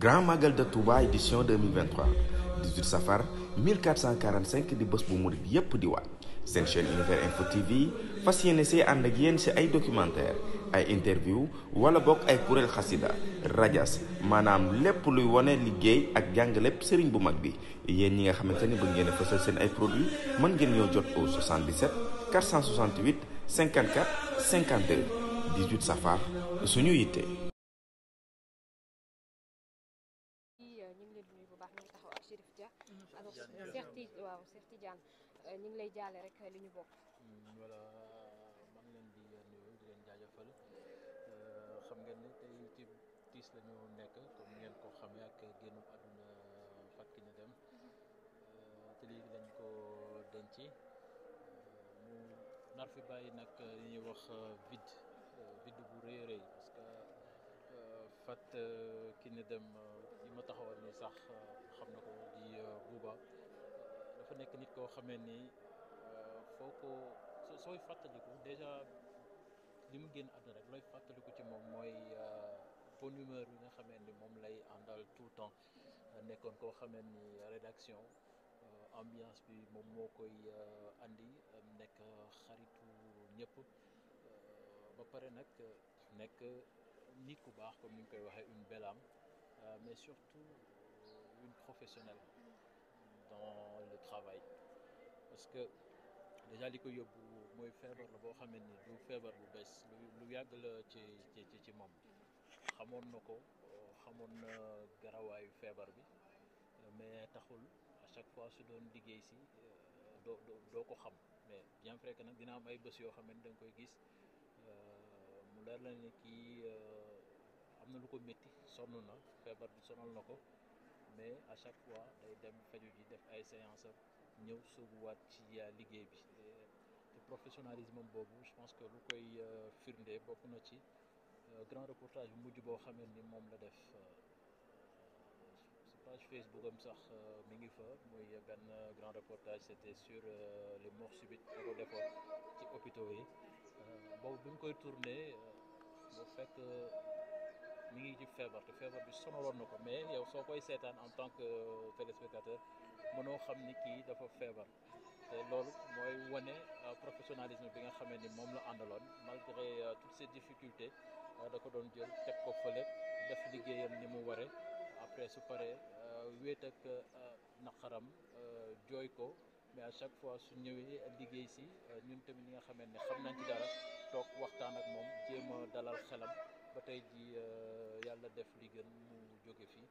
grand magal de Touba édition 2023 18 safar 1445 di bés bu murit yépp di waat seen chaîne univers info tv fas yéene see ànd ak yéen si ay documentaire ay interview wala bokk ay kuréel xasida si maanaam lépp luy wane liggéey ak jàngale lépp sëriñ bu mag bi yéen ñi nga xamante ni bëgg ngeen a fësal seen ay produit mën ngeen ñoo jot au 77 468 54 52 18 safar suñu yitte Cheikh Tidiane waaw Cheikh Tidiane euh, ñu ngi lay jaale rek li ñu bokk. Mm, voilà man leen di nuyu di leen jaajëfal euh, xam ngeen ne tey ci tiis la nekk comme ngeen ko xamee ak génnu àdduna Fatou Kiné Deme euh, te léegi lañ ko denc mu nar fi bàyyi nag li ñuy wax vide vide bu rëy a rëy parce que Fatou Kiné Deme li ma taxawal ni sax xam na ko di Bouba. dafa nekk nit koo xamee ni euh, foo ko sooy fàttaliku déjà li mu génn àdduna rek looy fàttaliku ci moom mooy euh, bonne humeur bi nga xamee ni moom lay àndal tout le temps euh, nekkoon koo xamee ni rédaction ambiance bi moom moo koy andi nekk xaritu ñëpp ba pare nag nekk nit ku baax comme ni ñu koy waxee une belle âme mais surtout une professionnelle dans le parce que déjà li ko yóbbu mooy feebar la boo xamee ni du feebar bu bees lu yàgg la ci ci ci moom xamoon na ko xamoon na garawaayu feebar bi mais taxul à chaque fois su doon liggéey si euh, doo doo ko xam mais bien vrai nag dina am ay bés yoo xam ne da koy gis euh, mu leer la ne kii euh, am na lu ko métti sonn na feebar bi sonal na ko mais à chaque fois day dem faju ji def ay séance ñëw waat ci euh, liggéey bi te professionnalisme boobu je pense que lu koy euh, firnde bokk na ci euh, grand reportage bu mujj boo xamee ni moom la def su page Facebook am sax mi ngi fa muy benn grand reportage te sur les morts subites ko defoon ci hôpitaux yi boobu bi ñu koy tourné bu fekk mi ngi ci feebar te feebar bi sonaloon na ko mais yow soo koy seetaan en tant que euh, téléspectateur mënoo xam ni kii dafa feebar te loolu mooy wane euh, professionnalisme bi nga xamee ni moom la àndaloon malgré euh, toutes ces difficultés da ko doon jël teg ko fële def liggéeyam ni mu waree après su paree wéet ak naqaram jooy ko mais à chaque fois su ñëwee liggéey si ñun tamit ñi nga xamee ne xam nañ ci dara toog waxtaan ak moom jéem a dalal xelam ba tey ji la def li gën mu jóge fii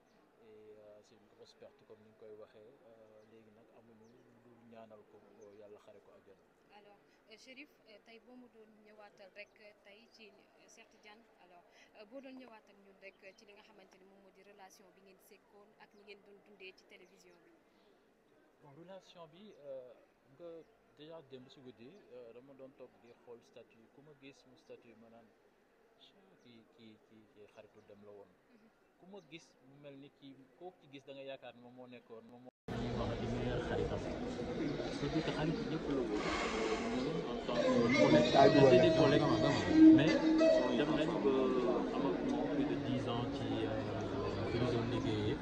et euh, c'est une grosse perte comme ni nga koy waxee euh, léegi nag amuñu lu ñaanal ko euh, yàlla xare ko àjjana. alors Chérif tey boo mu doon ñëwaatal rek tey ci Cheikh Tidiane alors boo doon ñëwaatal ñun rek ci li nga xamante ni moom moo di relation bi ngeen sekkoon ak ni ngeen doon dundee ci télévision bi. bon relation bi nga déjà démb si guddi dama doon toog di xool statut ku ma gis mu statut ma naan. kii kii kii xaritu dem la woon ku ma gis mu mel ni ki koo ci gis da yaakaar ni moom moo nekkoon moom moo ñuy wax di meilleur xaritam c'est-à-dire que xarit ñëpp la woon mais dem nañ ba am de dix ans ci euh, fi ñu doon liggéeyee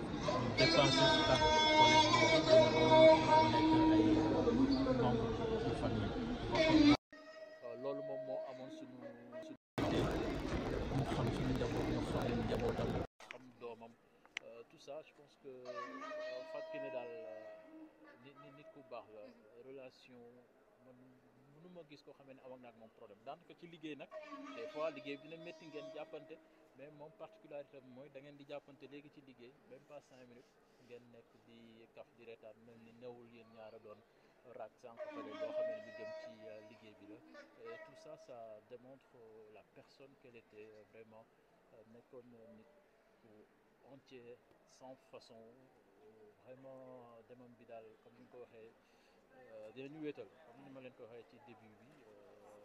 ça je pense que euh, Fatou Kiné daal euh, nit nit ku baax la relation man nu ma gis koo xamee ne amoon naa moom problème daanaka ci liggéey nag des fois liggéey bi dina métti ngeen jàppante mais moom particularité bi mooy da ngeen di jàppante léegi ci liggéey même pas cinq minutes ngeen nekk di kaf di retaan mel ni newul yéen ñaara doon raak sànq fële boo xam ne bi jëm ci euh, liggéey bi la et tout ça ça démontre la personne qu'elle était vraiment nekkoon nit entier sans façon vraiment demam bi daal comme ni nga ko waxee euh, ñu wéetal comme ni ma leen ko waxee ci début bi euh,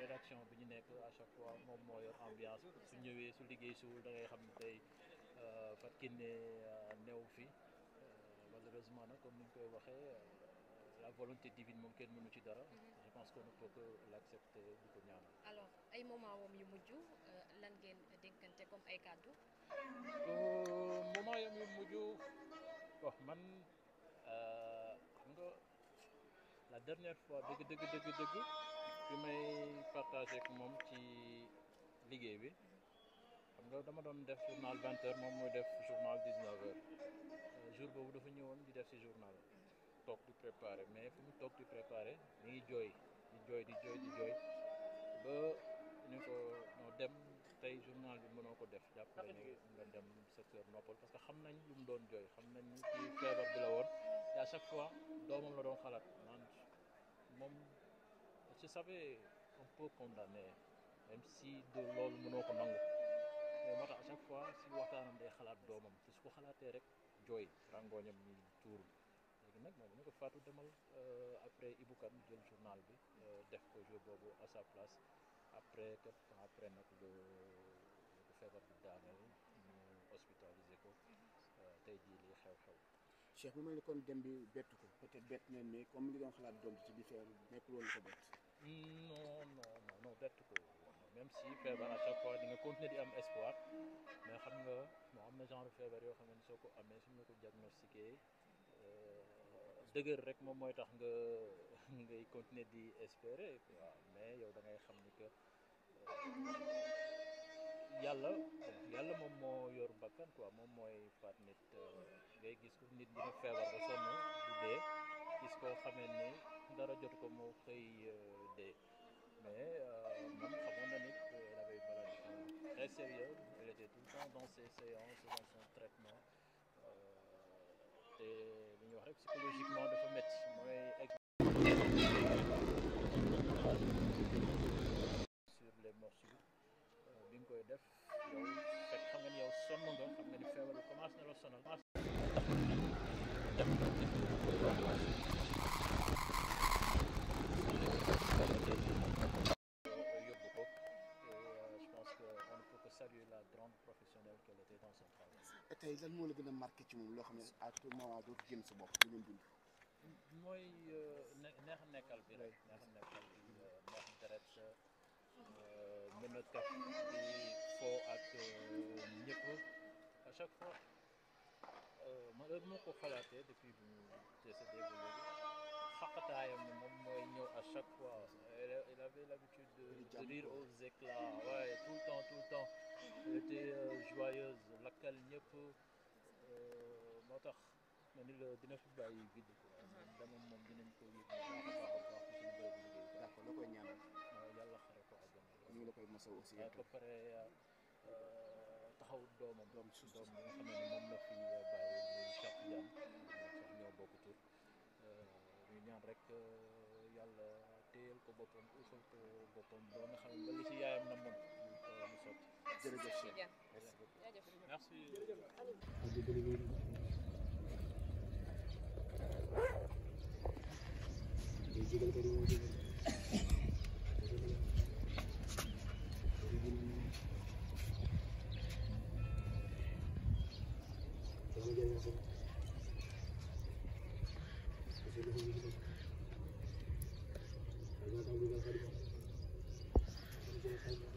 rédaction bi ñu nekk à chaque fois moom moo yor ambiance su ñëwee su liggéey suul da ngay xam ne tey euh, Fatou Kiné néew fi malheureusement nag comme ni ñu koy waxee la volonté divine moom kenn mënu ci dara. Mhm. je pense qu'on ne peut que l'accepter di ko ñaanal. alors ay moment wam yu mujj euh, lan ngeen dénkante comme ay kàddu. Euh, moment yam yu mujj oh, man euh, xam la dernière fois dëgg dëgg moom ci liggéey bi. xam nga dama doon def journal 20 heures moom mooy def journal 19 heures boobu dafa ñëwoon di def ci journal. toog di préparer mais fu mu toog di préparer mi ngi jooy di jooy di jooy di jooy ba ñu ko ñoo dem tey journal bi mënoo ko def jàppale ne nga dem secteur noppal parce que xam nañ lu mu doon jooy xam nañ ci feebar bi la woon te à chaque fois doomam la doon xalaat man moom je savais un peu condamné même si de loolu ko nangu mais chaque fois si waxtaanam day xalaat doomam te su ko xalaatee rek jooy rangooñam ñi tuuru nag moom ne ko Fatou demal euh, après Ibou Kane jël journal bi euh, def ko jeu boobu à sa place après quelque temps après nag le ko feebar bi daaneel ñu hospitalisé ko euh, tey jii lii xew-xew. Cheikh mu mel kon dem bi bett ko peut-être bett neen mais comme li nga xalaat doom ci biir feebar bi nekkul woon ko bett. non non non non bett ko même si feebar à chaque fois nga continuer di am espoir mais xam nga moo am na genre feebar yoo xam ne soo ko amee suñu ko diagnostiqué. dëgër rek moom mooy tax nga ngay continuer di espérer waaw mais yow dangay xam ni que euh, yàlla yàlla moom moo yor mbakkan quoi moom mooy faat nit euh, ngay gis ko nit bi feebar ba sonn du dee gis xamee ni dara jotu ko moo xëy euh, dee mais moom xamoon na nit elle avait une maladie très sérieuse elle était tout temps dans ses séances dans son traitement te li ñuy wax rek psychologiquement dafa métti mooy sur les morsures euh, bi nga koy def yow fekk xam nga ni yow sonn nga xam nga ni feebar bi tey lan moo la gën a marqué ci moom loo xam ne à tout moment doo ci génn sa bopp lu ngeen dund. mooy euh, neex a nekkal bi rek neex a nekkal bi euh, neex deret euh, mën a kaf di foo ak ñëpp à chaque fois man heure moo ko xalaatee depuis bu ñu décédé ba léegi xaqataayam moom mooy ñëw à chaque fois il avait l'habitude de rire aux éclats waaye tout le temps tout le temps été joyeuse lakkal ñëpp moo tax ma la dina fi bàyyi vide mhm. dama moom dinañ ko yëg d'accord la koy ñaanal yàlla ko àjjana ñu ngi la koy mosaw aussi ba pare euh, taxaw doomam doom su doom moom la fi euh, bàyyi muy Cheikh Diane sax ñoo euh, ñaan rek yàlla téyal ko boppam uufal ko boppam ba nga xam ci yaayam na moom yàlla mu sotti jërëjëf si merci Thank you.